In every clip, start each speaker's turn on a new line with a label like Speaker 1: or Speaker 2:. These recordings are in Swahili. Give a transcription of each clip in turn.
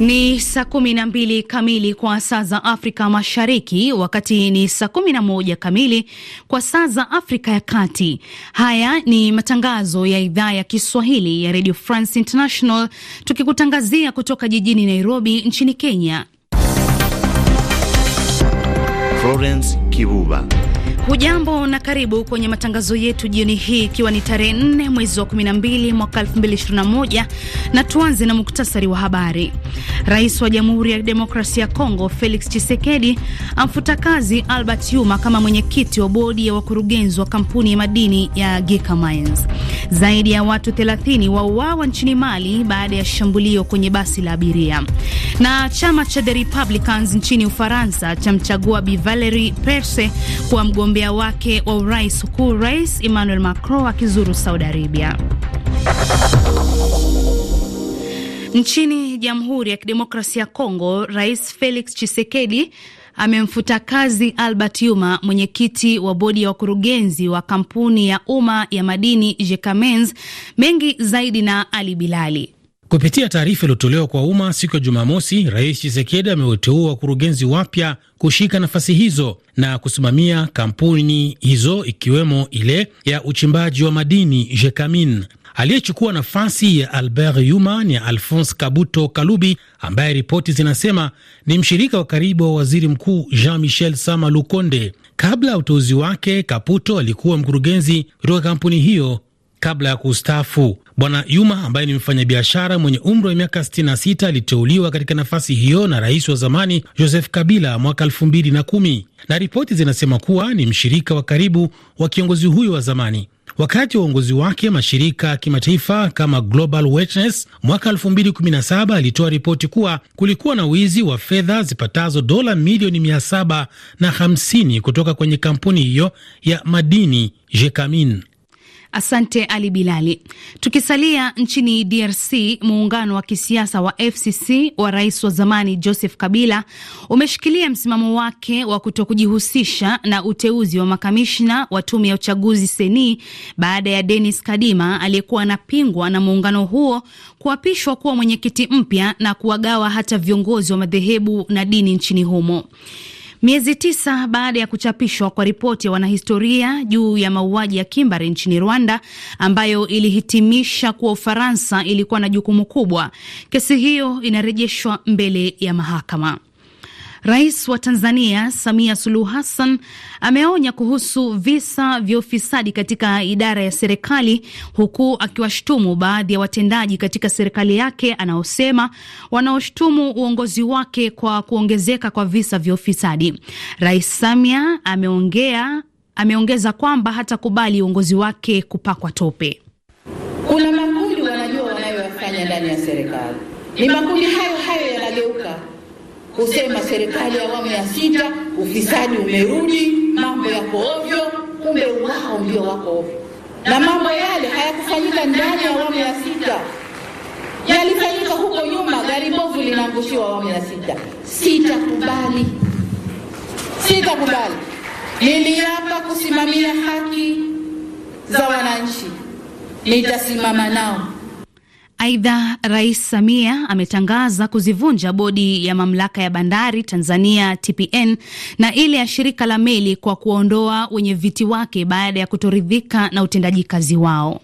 Speaker 1: Ni saa kumi na mbili kamili kwa saa za Afrika Mashariki, wakati ni saa kumi na moja kamili kwa saa za Afrika ya Kati. Haya ni matangazo ya idhaa ya Kiswahili ya Radio France International, tukikutangazia kutoka jijini Nairobi nchini Kenya.
Speaker 2: Florence Kivuva
Speaker 1: Hujambo na karibu kwenye matangazo yetu jioni hii, ikiwa ni tarehe 4 mwezi wa 12 mwaka 2021, na tuanze na muktasari wa habari. Rais wa Jamhuri ya Demokrasia ya Kongo Felix Tshisekedi amfuta kazi Albert Yuma kama mwenyekiti wa bodi ya wakurugenzi wa kampuni ya madini ya Geka Mines. Zaidi ya watu 30 wauawa nchini Mali baada ya shambulio kwenye basi la abiria. Na chama cha The Republicans nchini Ufaransa chamchagua Bi Valerie Perse kuwa mgombea mgombea wake wa urais huku rais Emmanuel Macron akizuru Saudi Arabia. Nchini Jamhuri ya Kidemokrasia ya Kongo, Rais Felix Tshisekedi amemfuta kazi Albert Yuma, mwenyekiti wa bodi ya wakurugenzi wa kampuni ya umma ya madini Jekamens. Mengi zaidi na Ali Bilali.
Speaker 2: Kupitia taarifa iliyotolewa kwa umma siku ya Jumamosi, Rais Chisekedi ameteua wakurugenzi wapya kushika nafasi hizo na kusimamia kampuni hizo ikiwemo ile ya uchimbaji wa madini Jekamin. Aliyechukua nafasi ya Albert Yuma ni Alphonse Kabuto Kalubi, ambaye ripoti zinasema ni mshirika wa karibu wa waziri mkuu Jean Michel Sama Lukonde. Kabla ya uteuzi wake, Kaputo alikuwa mkurugenzi kutoka kampuni hiyo kabla ya kustafu. Bwana Yuma ambaye ni mfanyabiashara mwenye umri wa miaka 66 aliteuliwa katika nafasi hiyo na rais wa zamani Joseph Kabila mwaka 2010 na ripoti zinasema kuwa ni mshirika wa karibu wa kiongozi huyo wa zamani. Wakati wa uongozi wake, mashirika ya kimataifa kama Global Witness mwaka 2017 alitoa ripoti kuwa kulikuwa na wizi wa fedha zipatazo dola milioni 750 kutoka kwenye kampuni hiyo ya madini Jekamin.
Speaker 1: Asante Ali Bilali. Tukisalia nchini DRC, muungano wa kisiasa wa FCC wa rais wa zamani Joseph Kabila umeshikilia msimamo wake wa kutokujihusisha na uteuzi wa makamishna wa tume ya uchaguzi seni baada ya Denis Kadima aliyekuwa anapingwa na muungano huo kuapishwa kuwa mwenyekiti mpya na kuwagawa hata viongozi wa madhehebu na dini nchini humo. Miezi tisa baada ya kuchapishwa kwa ripoti ya wanahistoria juu ya mauaji ya kimbari nchini Rwanda, ambayo ilihitimisha kuwa Ufaransa ilikuwa na jukumu kubwa, kesi hiyo inarejeshwa mbele ya mahakama. Rais wa Tanzania Samia Suluhu Hassan ameonya kuhusu visa vya ufisadi katika idara ya serikali, huku akiwashtumu baadhi ya watendaji katika serikali yake anaosema wanaoshtumu uongozi wake kwa kuongezeka kwa visa vya ufisadi. Rais Samia ameongea ameongeza kwamba hatakubali uongozi wake kupakwa tope. Kuna makundi wanajua wanayoyafanya ndani ya serikali, ni makundi hayo hayo
Speaker 3: kusema serikali ya awamu ya sita
Speaker 1: ufisadi umerudi, mambo yako ovyo, kumbe wao ndio wako ovyo. Na mambo yale hayakufanyika ndani ya awamu ya sita, yalifanyika huko nyuma. Gari bovu linaangushiwa awamu ya sita. Sitakubali, sitakubali. Niliapa kusimamia haki za wananchi, nitasimama nao Aidha, Rais Samia ametangaza kuzivunja bodi ya mamlaka ya bandari Tanzania TPN na ile ya shirika la meli kwa kuondoa wenye viti wake baada ya kutoridhika na utendaji kazi wao.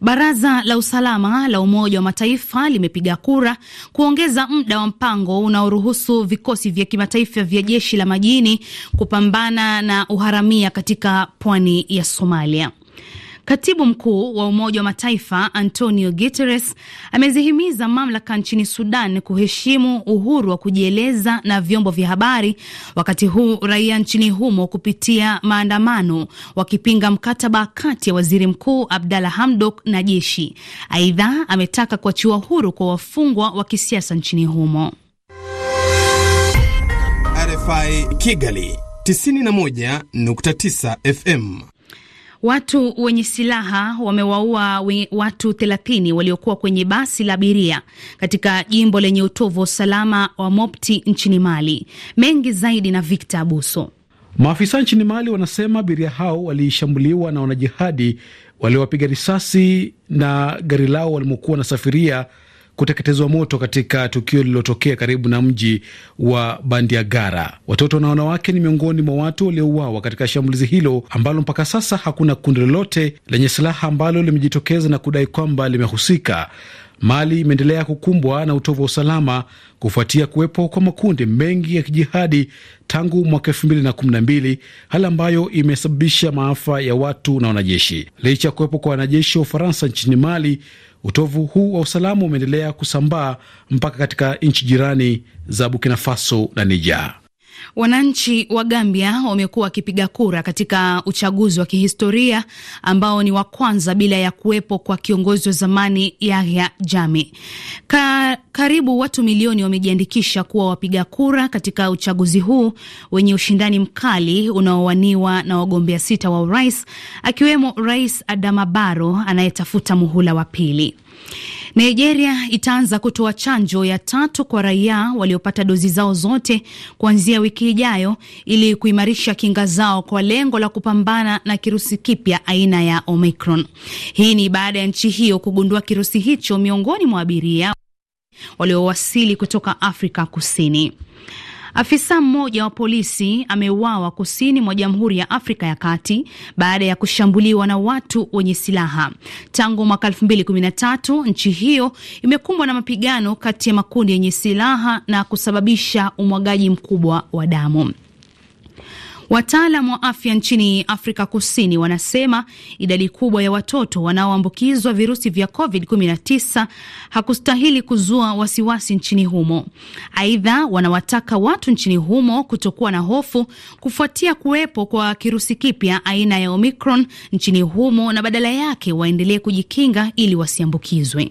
Speaker 1: Baraza la usalama la Umoja wa Mataifa limepiga kura kuongeza muda wa mpango unaoruhusu vikosi vya kimataifa vya jeshi la majini kupambana na uharamia katika pwani ya Somalia. Katibu mkuu wa Umoja wa Mataifa Antonio Guterres amezihimiza mamlaka nchini Sudan kuheshimu uhuru wa kujieleza na vyombo vya habari, wakati huu raia nchini humo kupitia maandamano wakipinga mkataba kati ya waziri mkuu Abdalla Hamdok na jeshi. Aidha, ametaka kuachiwa huru kwa wafungwa wa kisiasa nchini humo.
Speaker 2: RFI Kigali 91.9 FM.
Speaker 1: Watu wenye silaha wamewaua watu 30 waliokuwa kwenye basi la abiria katika jimbo lenye utovu wa usalama wa Mopti nchini Mali. Mengi zaidi na Victor Abuso.
Speaker 3: Maafisa nchini Mali wanasema abiria hao walishambuliwa na wanajihadi waliowapiga risasi na gari lao walimokuwa wanasafiria kuteketezwa moto katika tukio lililotokea karibu na mji wa Bandiagara. Watoto na wanawake ni miongoni mwa watu waliouawa katika shambulizi hilo ambalo mpaka sasa hakuna kundi lolote lenye silaha ambalo limejitokeza na kudai kwamba limehusika. Mali imeendelea kukumbwa na utovu wa usalama kufuatia kuwepo kwa makundi mengi ya kijihadi tangu mwaka elfu mbili na kumi na mbili, hali ambayo imesababisha maafa ya watu na wanajeshi. Licha ya kuwepo kwa wanajeshi wa Ufaransa nchini Mali, Utovu huu wa usalama umeendelea kusambaa mpaka katika nchi jirani za Burkina Faso na Nijaa.
Speaker 1: Wananchi wa Gambia wamekuwa wakipiga kura katika uchaguzi wa kihistoria ambao ni wa kwanza bila ya kuwepo kwa kiongozi wa zamani Yahya Jammeh. Ka, karibu watu milioni wamejiandikisha kuwa wapiga kura katika uchaguzi huu wenye ushindani mkali unaowaniwa na wagombea sita wa urais akiwemo Rais Adama Barrow anayetafuta muhula wa pili. Nigeria itaanza kutoa chanjo ya tatu kwa raia waliopata dozi zao zote kuanzia wiki ijayo ili kuimarisha kinga zao kwa lengo la kupambana na kirusi kipya aina ya Omicron. Hii ni baada ya nchi hiyo kugundua kirusi hicho miongoni mwa abiria waliowasili kutoka Afrika Kusini. Afisa mmoja wa polisi ameuawa kusini mwa Jamhuri ya Afrika ya Kati baada ya kushambuliwa na watu wenye silaha. Tangu mwaka 2013 nchi hiyo imekumbwa na mapigano kati ya makundi yenye silaha na kusababisha umwagaji mkubwa wa damu. Wataalam wa afya nchini Afrika Kusini wanasema idadi kubwa ya watoto wanaoambukizwa virusi vya COVID-19 hakustahili kuzua wasiwasi nchini humo. Aidha, wanawataka watu nchini humo kutokuwa na hofu kufuatia kuwepo kwa kirusi kipya aina ya Omicron nchini humo na badala yake waendelee kujikinga ili wasiambukizwe.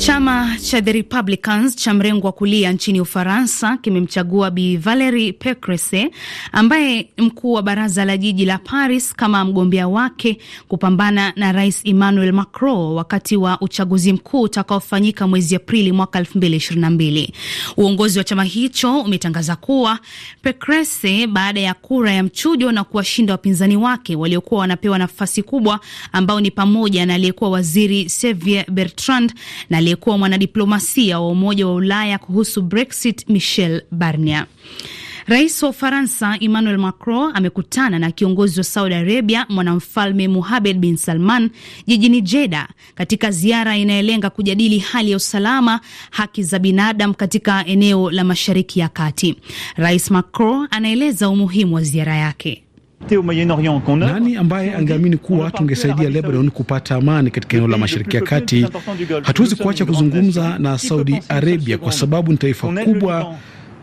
Speaker 1: Chama cha The Republicans cha mrengo wa kulia nchini Ufaransa kimemchagua Bi Valerie Pecresse ambaye mkuu wa baraza la jiji la Paris kama mgombea wake kupambana na Rais Emmanuel Macron wakati wa uchaguzi mkuu utakaofanyika mwezi Aprili mwaka 2022. Uongozi wa chama hicho umetangaza kuwa Pecresse, baada ya kura ya mchujo na kuwashinda wapinzani wake waliokuwa wanapewa nafasi kubwa, ambao ni pamoja na aliyekuwa waziri Xavier Bertrand na aliyekuwa mwanadiplomasia wa Umoja wa Ulaya kuhusu Brexit, Michel Barnier. Rais wa Ufaransa Emmanuel Macron amekutana na kiongozi wa Saudi Arabia mwanamfalme muhamed bin Salman jijini jeda katika ziara inayolenga kujadili hali ya usalama, haki za binadamu katika eneo la Mashariki ya Kati. Rais Macron anaeleza umuhimu wa ziara yake.
Speaker 3: Nani ambaye angeamini kuwa tungesaidia Lebanon kupata amani katika eneo la Mashariki ya Kati? Hatuwezi kuacha kuzungumza na Saudi Arabia kwa sababu ni taifa kubwa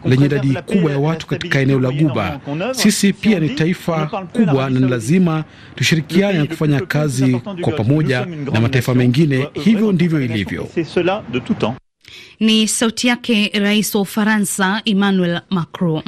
Speaker 3: lenye idadi kubwa ya watu katika eneo la Guba. Sisi pia ni taifa kubwa na ni lazima tushirikiane na kufanya kazi kwa pamoja na mataifa mengine. Hivyo ndivyo ilivyo.
Speaker 1: Ni sauti yake rais wa Ufaransa Emmanuel Macron.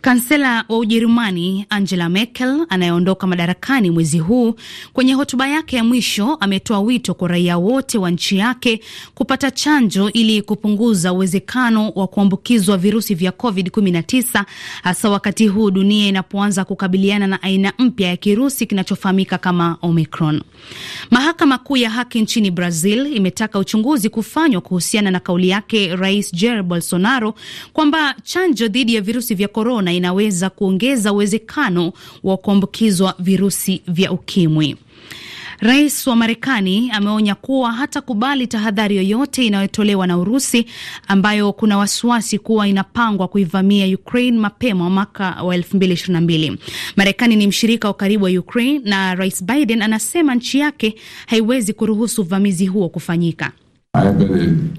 Speaker 1: Kansela wa Ujerumani Angela Merkel anayeondoka madarakani mwezi huu, kwenye hotuba yake ya mwisho ametoa wito kwa raia wote wa nchi yake kupata chanjo ili kupunguza uwezekano wa kuambukizwa virusi vya COVID-19, hasa wakati huu dunia inapoanza kukabiliana na aina mpya ya kirusi kinachofahamika kama Omicron. Mahakama Kuu ya Haki nchini Brazil imetaka uchunguzi kufanywa kuhusiana na kauli yake Rais Jair Bolsonaro kwamba chanjo dhidi ya virusi vya korona inaweza kuongeza uwezekano wa kuambukizwa virusi vya ukimwi. Rais wa Marekani ameonya kuwa hatakubali tahadhari yoyote inayotolewa na Urusi ambayo kuna wasiwasi kuwa inapangwa kuivamia Ukraine mapema mwaka wa 2022. Marekani ni mshirika wa karibu wa Ukraine na Rais Biden anasema nchi yake haiwezi kuruhusu uvamizi huo kufanyika.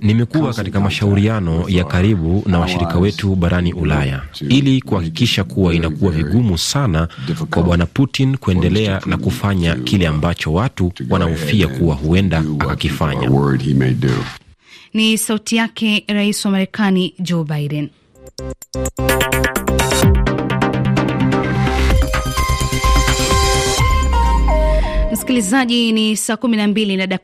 Speaker 2: Nimekuwa katika mashauriano ya karibu na washirika wetu barani Ulaya ili kuhakikisha kuwa inakuwa vigumu sana kwa Bwana Putin kuendelea na kufanya kile ambacho watu wanahofia kuwa huenda akakifanya.
Speaker 1: Ni sauti yake Rais wa Marekani Joe Biden. Msikilizaji, ni saa kumi na mbili na dakika